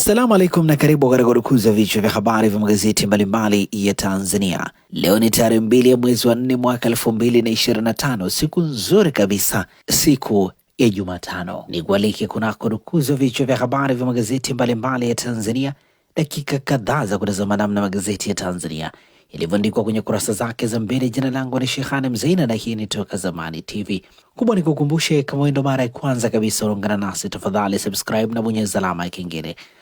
Assalamu alaikum na karibu katika wa vichwa vya habari vya magazeti mbalimbali ya Tanzania. Leo ni tarehe mbili ya mwezi wa nne mwaka elfu mbili na ishirini na tano siku nzuri kabisa, siku ya Jumatano. Ni kualike kunako dukuza vichwa vya habari vya magazeti mbalimbali ya Tanzania, dakika kadhaa za kutazama namna magazeti ya Tanzania ilivyoandikwa kwenye kurasa zake za mbele. Jina langu ni Shehane Mzaina na hii ni Toka Zamani TV. Kubwa ni kukumbushe, kama wewe ndo mara ya kwanza kabisa unaungana nasi, tafadhali subscribe na bonyeza alama ya kengele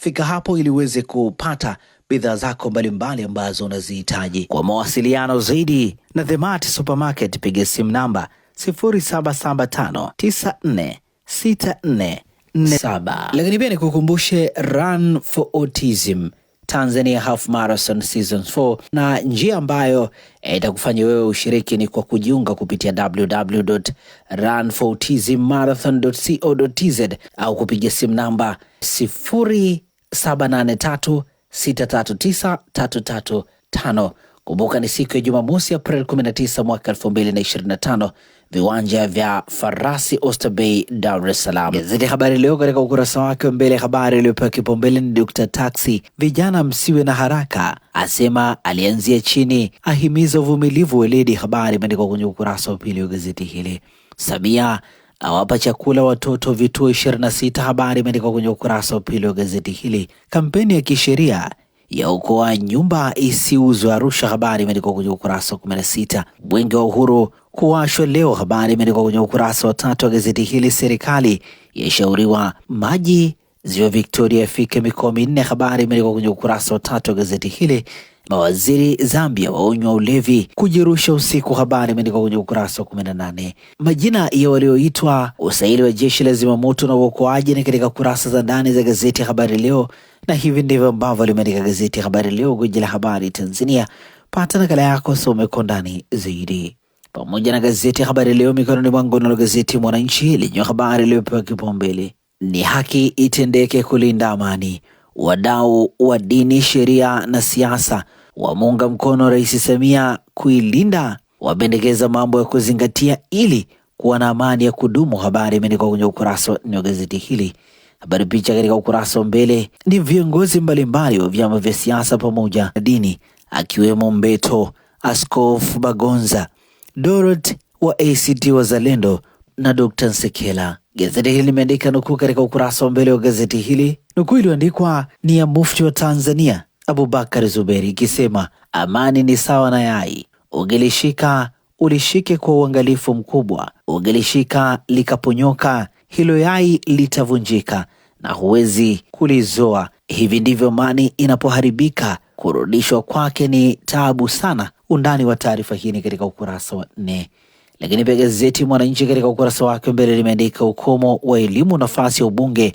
fika hapo ili uweze kupata bidhaa zako mbalimbali ambazo unazihitaji. Kwa mawasiliano zaidi na Mart Supermarket piga simu namba 0775946447. Lakini pia nikukumbushe Run for Autism Tanzania Half Marathon Season 4 na njia ambayo eh, itakufanya e, wewe ushiriki ni kwa kujiunga kupitia www.runforautismmarathon.co.tz au kupiga simu namba 783639335. Kumbuka ni siku ya Jumamosi, April 19 mwaka 2025, viwanja vya Farasi Oysterbay, Dar es Salaam. Gazeti Habari Leo katika ukurasa wake wa mbele, habari iliyopewa kipaumbele ni Dr. Taxi, vijana msiwe na haraka, asema alianzia chini, ahimiza uvumilivu weledi. Habari imeandikwa kwenye ukurasa wa pili wa gazeti hili. Samia awapa chakula watoto vituo 26. Habari imeandikwa kwenye ukurasa wa pili wa gazeti hili. Kampeni ya kisheria ya ukoa nyumba isiuzwe Arusha, habari imeandikwa kwenye ukurasa wa 16. Bwenge wa Uhuru kuwashwa leo, habari imeandikwa kwenye ukurasa wa tatu wa gazeti hili. Serikali yashauriwa maji Ziwa Victoria ifike mikoa minne. Habari imeandikwa kwenye ukurasa wa tatu wa gazeti hili. Mawaziri Zambia waonywa ulevi kujirusha usiku. Habari imeandikwa kwenye ukurasa wa kumi na nane. Majina ya walioitwa usaili wa jeshi la zimamoto na uokoaji ni katika kurasa za ndani za gazeti ya Habari Leo, na hivi ndivyo ambavyo limeandika gazeti ya Habari Leo, gwiji la habari Tanzania. Pata nakala yako, some kwa ndani zaidi pamoja na gazeti ya Habari Leo mikononi mwangu, nalo gazeti Mwananchi lenye habari iliyopewa kipaumbele ni haki itendeke kulinda amani. Wadau wa dini, sheria na siasa wamuunga mkono Rais Samia kuilinda, wapendekeza mambo ya kuzingatia ili kuwa na amani ya kudumu. Habari imeandikwa kwenye ukurasa wa gazeti hili. Habari picha katika ukurasa wa mbele ni viongozi mbalimbali wa vyama vya siasa pamoja na dini, akiwemo Mbeto, Askofu Bagonza, Dorot wa ACT Wazalendo na Dr. Nsekela. Gazeti hili limeandika nukuu katika ukurasa wa mbele wa gazeti hili. Nukuu iliyoandikwa ni ya mufti wa Tanzania Abubakar Zuberi ikisema amani ni sawa na yai, ungelishika ulishike kwa uangalifu mkubwa, ugelishika likaponyoka, hilo yai litavunjika na huwezi kulizoa. Hivi ndivyo amani inapoharibika, kurudishwa kwake ni taabu sana. Undani wa taarifa hii ni katika ukurasa wa nne. Lakini pia gazeti Mwananchi katika ukurasa wake mbele limeandika ukomo wa elimu nafasi ya ubunge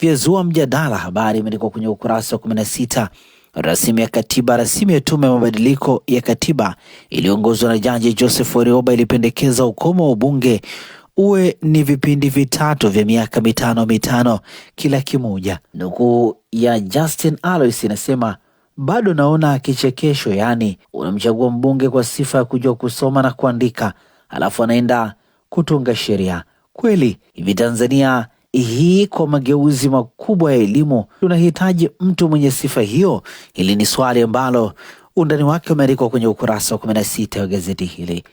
vyazua mjadala. Habari imeandikwa kwenye ukurasa wa kumi na sita. Rasimu ya katiba rasimu ya tume ya mabadiliko ya katiba iliyoongozwa na Jaji Joseph Warioba ilipendekeza ukomo wa ubunge uwe ni vipindi vitatu vya miaka mitano mitano kila kimoja. Nukuu ya Justin Alois inasema bado naona kichekesho, yaani unamchagua mbunge kwa sifa ya kujua kusoma na kuandika, alafu anaenda kutunga sheria kweli? Hivi Tanzania hii kwa mageuzi makubwa ya elimu tunahitaji mtu mwenye sifa hiyo? Hili ni swali ambalo undani wake umeandikwa kwenye ukurasa wa kumi na sita wa gazeti hili.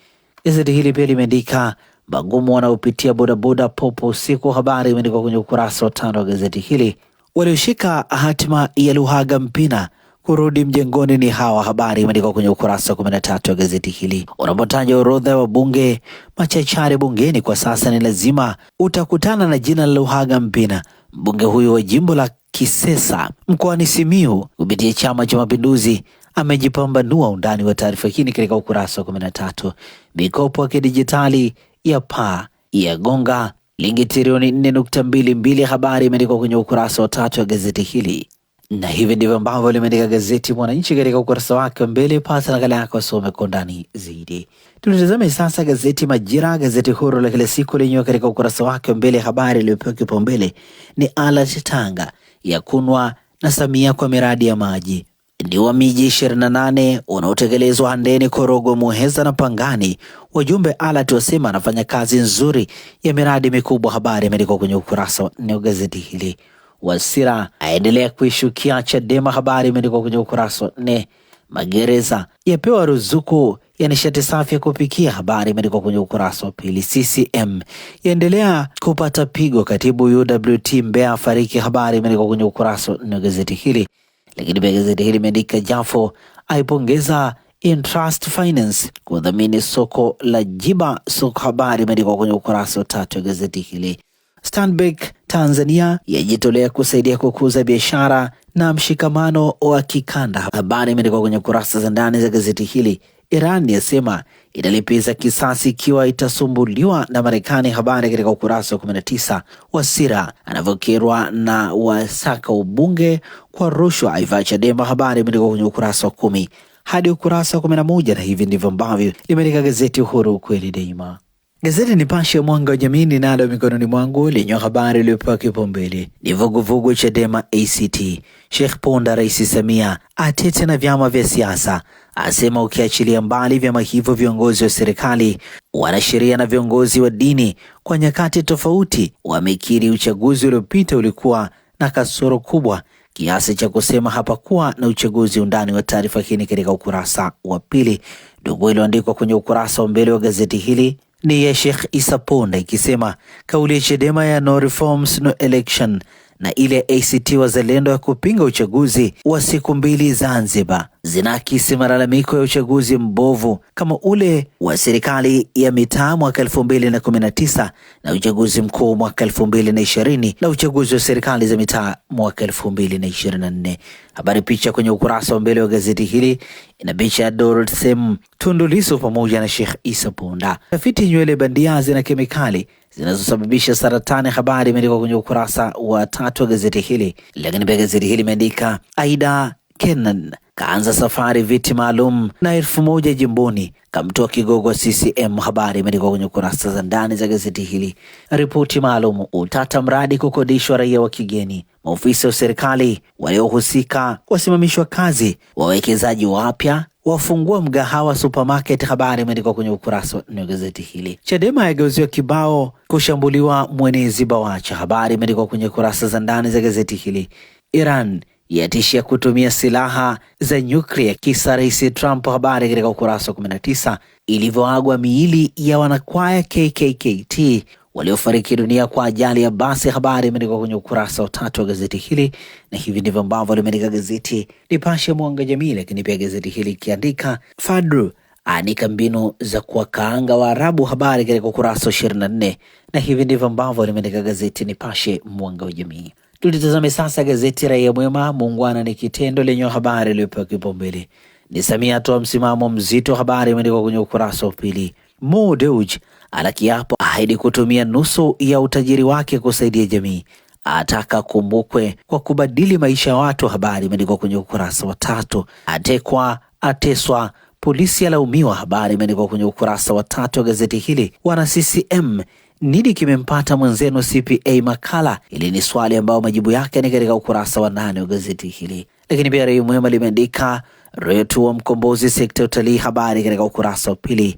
Gazeti hili pia limeandika magumu wanaopitia bodaboda popo usiku. Habari imeandikwa kwenye ukurasa wa tano wa gazeti hili. Walioshika hatima ya Luhaga Mpina kurudi mjengoni ni hawa. Habari imeandikwa kwenye ukurasa wa kumi na tatu wa gazeti hili. Unapotaja orodha ya wabunge machachari bungeni kwa sasa, ni lazima utakutana na jina la Luhaga Mpina, mbunge huyo wa jimbo la Kisesa mkoani simiu kupitia Chama cha Mapinduzi amejipambanua. Undani wa taarifa hii katika ukurasa wa kumi na tatu. Mikopo ya kidijitali ya paa ya gonga lingi trilioni 4.22. Habari imeandikwa kwenye ukurasa wa tatu wa gazeti hili na hivi ndivyo ambavyo limeandika gazeti Mwananchi katika ukurasa wake wa mbele. Pata nakala yako, some kwa ndani zaidi. Tulitazame sasa gazeti Majira, gazeti huru la kila siku, lenyewe katika ukurasa wake wa mbele, habari iliyopewa kipaumbele ni alert Tanga ya kunwa na Samia kwa miradi ya maji ndi wa miji 28 unaotekelezwa Handeni, Korogwe, Muheza na Pangani. Wajumbe alati wasema anafanya kazi nzuri ya miradi mikubwa. Habari imeandikwa kwenye ukurasa wa nne wa gazeti hili. Wasira aendelea kuishukia Chadema. Habari imeandikwa kwenye ukurasa wa nne. Magereza yapewa ruzuku ya nishati safi ya kupikia. Habari imeandikwa kwenye ukurasa wa pili. CCM yaendelea kupata pigo, katibu UWT Mbeya afariki. Habari imeandikwa kwenye ukurasa wa nne wa gazeti hili. Lakini pia gazeti hili imeandika Jafo aipongeza Intrust Finance kudhamini soko la Jiba Soko. Habari imeandikwa kwenye ukurasa wa tatu wa gazeti hili. Stanbic Tanzania yajitolea kusaidia kukuza biashara na mshikamano wa kikanda. Habari imeandikwa kwenye kurasa za ndani za gazeti hili. Iran yasema italipiza kisasi ikiwa itasumbuliwa na Marekani. Habari katika ukurasa wa 19. Wasira anavyokerwa na wasaka ubunge kwa rushwa aiva Chadema. Habari imeandikwa kwenye ukurasa wa kumi hadi ukurasa wa 11, na hivi ndivyo ambavyo limeandika gazeti Uhuru, kweli daima. Gazeti Nipashe ya mwanga wa jamii ninalo mikononi mwangu lenye habari iliyopewa kipaumbele ni vuguvugu Chadema ACT, Sheikh Ponda, Rais Samia atete na vyama vya siasa, asema ukiachilia mbali vyama hivyo viongozi wa serikali, wanasheria na viongozi wa dini kwa nyakati tofauti wamekiri uchaguzi uliopita ulikuwa na kasoro kubwa kiasi cha kusema hapakuwa na uchaguzi. Undani wa taarifa hii katika ukurasa wa pili, ndugu, iliyoandikwa kwenye ukurasa wa mbele wa gazeti hili ni ya Sheikh Isa Ponda ikisema kauli ya Chadema ya no reforms no election na ile ACT Wazalendo ya kupinga uchaguzi wa siku mbili Zanzibar zinaakisi malalamiko ya uchaguzi mbovu kama ule wa serikali ya mitaa mwaka 2019 na uchaguzi mkuu mwaka 2020 na uchaguzi wa serikali za mitaa mwaka 2024. Habari picha kwenye ukurasa wa mbele wa gazeti hili ina picha ya Dorothy Sem Tundu pamoja na Sheikh Isa Ponda. Tafiti nywele bandia zina kemikali zinazosababisha saratani. Habari imeandikwa kwenye ukurasa wa tatu wa gazeti hili, lakini pia gazeti hili imeandika Aida Kenan kaanza safari viti maalum na elfu moja jimboni kamtoa kigogo CCM. Habari imeandikwa kwenye kurasa za ndani za gazeti hili. Ripoti maalum utata mradi kukodishwa raia wa kigeni, maofisa wa serikali waliohusika wasimamishwa kazi, wawekezaji wapya wafungua mgahawa supermarket. Habari imeandikwa kwenye ukurasa wa gazeti hili. Chadema yageuziwa kibao kushambuliwa mwenezi Bawacha. Habari imeandikwa kwenye kurasa za ndani za gazeti hili. Iran yatishia kutumia silaha za nyuklia kisa Rais Trump. Habari katika ukurasa wa 19. Ilivyoagwa miili ya wanakwaya KKKT waliofariki dunia kwa ajali ya basi. Habari imeandikwa kwenye ukurasa wa tatu wa gazeti hili, na hivi ndivyo ambavyo limeandika gazeti Nipashe Mwanga Jamii. Lakini pia gazeti hili ikiandika Fadru anika mbinu za kuwakaanga Waarabu, habari katika ukurasa wa ishirini na nne na hivi ndivyo ambavyo limeandika gazeti Nipashe Mwanga wa Jamii. Tulitazame sasa gazeti Raia Mwema, muungwana ni kitendo, lenye habari iliyopewa kipaumbele ni Samia atoa msimamo mzito, habari imeandikwa kwenye ukurasa wa pili. Mo Dewji ala kiapo ahidi kutumia nusu ya utajiri wake kusaidia jamii. Ataka kumbukwe kwa kubadili maisha ya watu. Habari imeandikwa kwenye ukurasa wa tatu. Atekwa, ateswa, polisi alaumiwa. Habari imeandikwa kwenye ukurasa wa tatu wa gazeti hili. Wana CCM nini kimempata mwenzenu CPA? Makala ili ni swali ambayo majibu yake ni katika ukurasa wa nane wa gazeti hili. Lakini pia Raia Mwema limeandika retu wa mkombozi sekta ya utalii. Habari katika ukurasa wa pili.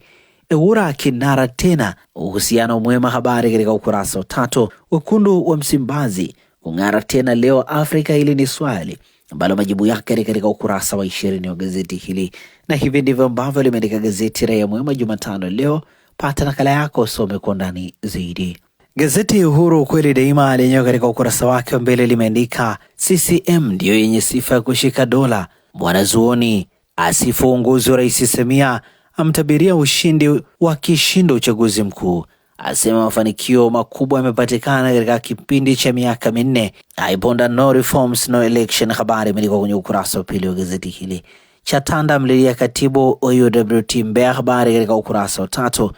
Ewura kinara tena, uhusiano mwema. Habari katika ukurasa wa tatu. Wekundu wa Msimbazi kung'ara tena leo Afrika, hili ni swali ambalo majibu yake ni katika ukurasa wa ishirini wa gazeti hili, na hivi ndivyo ambavyo limeandika gazeti Raia Mwema Jumatano leo. Pata nakala yako usome kwa undani zaidi. Gazeti Uhuru ukweli daima lenyewe katika ukurasa wake wa mbele limeandika CCM ndiyo yenye sifa ya kushika dola, mwanazuoni asifu uongozi wa Rais Samia amtabiria ushindi wa kishindo uchaguzi mkuu, asema mafanikio makubwa yamepatikana katika kipindi cha miaka minne, aiponda no reforms no election. Habari imeandikwa kwenye ukurasa wa pili wa gazeti hili. Chatanda mlilia katibu OUWT Mbeya, habari katika ukurasa wa tatu.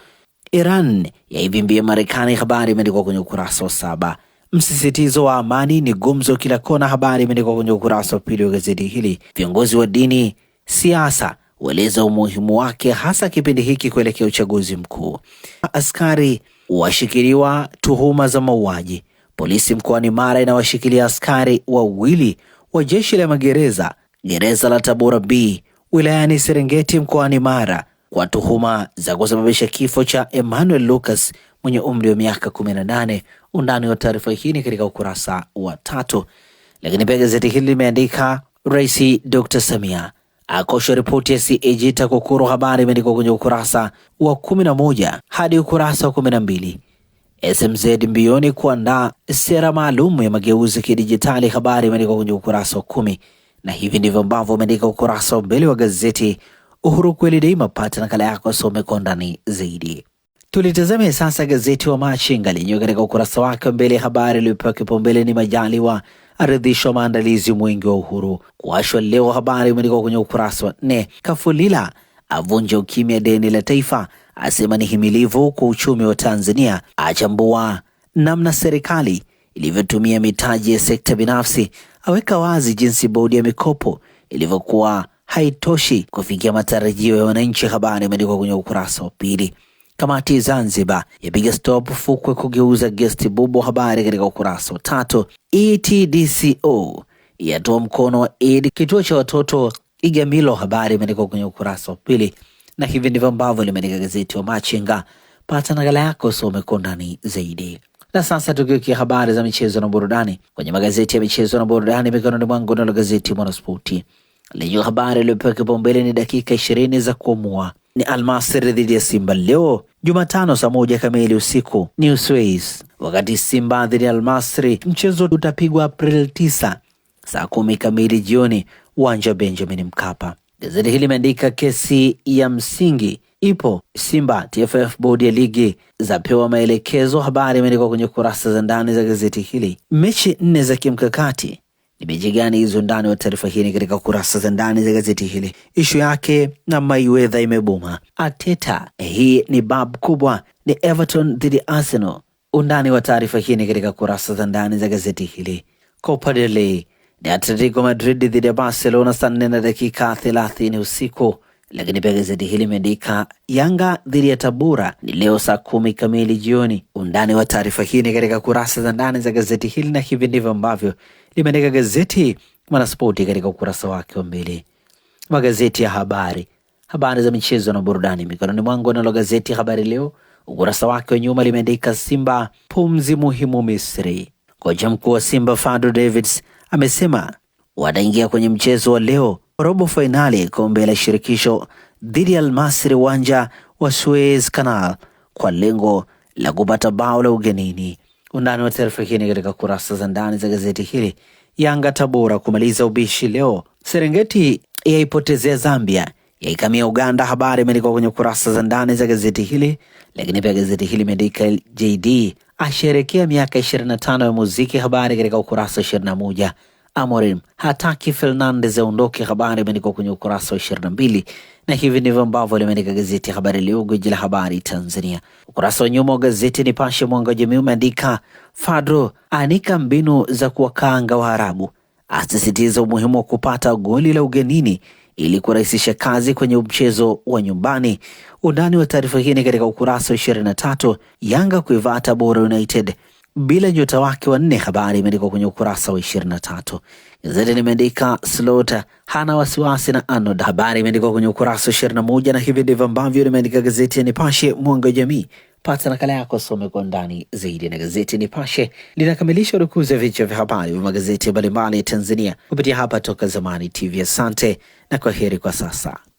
Iran yaivimbia Marekani, habari imeandikwa kwenye ukurasa wa saba. Msisitizo wa amani ni gumzo kila kona, habari imeandikwa kwenye ukurasa wa pili wa gazeti hili. Viongozi wa dini, siasa hueleza umuhimu wake hasa kipindi hiki kuelekea uchaguzi mkuu. Askari washikiliwa tuhuma za mauaji. Polisi mkoani Mara inawashikilia askari wawili wa jeshi la magereza gereza la Tabora B wilayani Serengeti mkoani Mara kwa tuhuma za kusababisha kifo cha Emmanuel Lucas mwenye umri wa miaka 18. Undani wa taarifa hii ni katika ukurasa wa tatu. Lakini pia gazeti hili limeandika Rais Dr. Samia akosha ripoti ya CAG TAKUKURU. Habari imeandikwa kwenye ukurasa wa moja hadi ukurasa wa mbili. SMZ mbioni kuandaa sera maalum ya mageuzi ya kidijitali. Habari imeandikwa kwenye ukurasa wa kumi, na hivi ndivyo ambavyo umeandika ukurasa wa mbele wa gazeti Uhuru kweli daima. Pata nakala yako asome kwa undani zaidi. Tulitazame sasa gazeti wa Machinga lenyewe katika ukurasa wake wa mbele, habari iliyopewa kipaumbele ni Majaliwa aridhishwa maandalizi mwingi wa uhuru kuashwa leo. Habari imeandikwa kwenye ukurasa wa nne. Kafulila avunja ukimya deni la taifa, asema ni himilivu kwa uchumi wa Tanzania, achambua namna serikali ilivyotumia mitaji ya sekta binafsi, aweka wazi jinsi bodi ya mikopo ilivyokuwa haitoshi kufikia matarajio ya wananchi. Habari imeandikwa kwenye ukurasa wa pili. Kamati Zanzibar yapiga stop fukwe kugeuza gesti bubu, habari katika ukurasa wa tatu. ETDCO yatoa mkono wa aid kituo cha watoto Igamilo, habari imeandikwa kwenye ukurasa wa pili, na hivi ndivyo ambavyo limeandika gazeti wa Machinga. Pata nakala yako usome kwa zaidi. Na sasa tukiokia habari za michezo na burudani kwenye magazeti ya michezo na burudani mikononi mwangu, nalo gazeti Mwanaspoti lenye habari iliyopewa kipaumbele ni dakika ishirini za kuamua ni Almasri dhidi ya Simba leo Jumatano saa moja kamili usiku Newsways, wakati Simba dhidi ya Almasri mchezo utapigwa April 9 saa kumi kamili jioni uwanja wa Benjamin Mkapa. Gazeti hili limeandika kesi ya msingi ipo Simba, TFF bodi ya ligi zapewa maelekezo. Habari imeandikwa kwenye kurasa za ndani za gazeti hili. Mechi nne za kimkakati ni miji gani hizo? Ndani wa taarifa hii ni katika kurasa za ndani za gazeti hili. Ishu yake na Mayweather imebuma. Ateta, eh, hii ni bab kubwa, ni Everton dhidi Arsenal. Undani wa taarifa hii ni katika kurasa za ndani za gazeti hili. Copa del Rey ni Atletico Madrid dhidi ya Barcelona saa nne na dakika thelathini usiku lakini pia gazeti hili imeandika Yanga dhidi ya Tabora ni leo saa kumi kamili jioni. Undani wa taarifa hii ni katika kurasa za ndani za gazeti hili, na hivi ndivyo ambavyo limeandika gazeti Mwanaspoti katika ukurasa wake wa mbili Magazeti ya habari, habari za michezo na burudani mikononi mwangu, nalo gazeti Habari Leo ukurasa wake wa nyuma limeandika Simba pumzi muhimu Misri. Kocha mkuu wa Simba Fadlu Davids amesema wataingia kwenye mchezo wa leo robo fainali kombe la shirikisho dhidi ya Almasri uwanja wa Suez Canal kwa lengo la kupata bao la ugenini. Undani wa taarifa hii ni katika kurasa za ndani za gazeti hili. Yanga Tabora kumaliza ubishi leo. Serengeti yaipotezea Zambia, yaikamia Uganda. Habari imeandikwa kwenye kurasa za ndani za gazeti hili, lakini pia gazeti hili imeandika JD asherekea miaka 25 ya muziki. Habari katika ukurasa 21. Amorim hataki Fernandez aondoke. Habari imeandikwa kwenye ukurasa wa ishirini na mbili na hivi ndivyo ambavyo limeandika gazeti Habari Leo, gwiji la habari Tanzania. Ukurasa wa nyuma wa gazeti Nipashe mwanga wa jamii umeandika Fadro anika mbinu za kuwakaanga Arabu, asisitiza umuhimu wa kupata goli la ugenini ili kurahisisha kazi kwenye mchezo wa nyumbani. Undani wa taarifa hii ni katika ukurasa wa 23. Yanga kuivaa Tabora United bila nyota wake wanne. Habari imeandikwa kwenye ukurasa wa ishirini na tatu. Gazeti limeandika Slota hana wasiwasi na Arnold, habari imeandikwa kwenye ukurasa wa ishirini na moja na hivi ndivyo ambavyo limeandika gazeti ya Nipashe mwanga wa jamii. Pata nakala yako, some kwa ndani zaidi. Na gazeti Nipashe linakamilisha urukuzi ya vichwa vya habari vya magazeti mbalimbali ya Tanzania kupitia hapa Toka Zamani TV. Asante na kwaheri kwa sasa.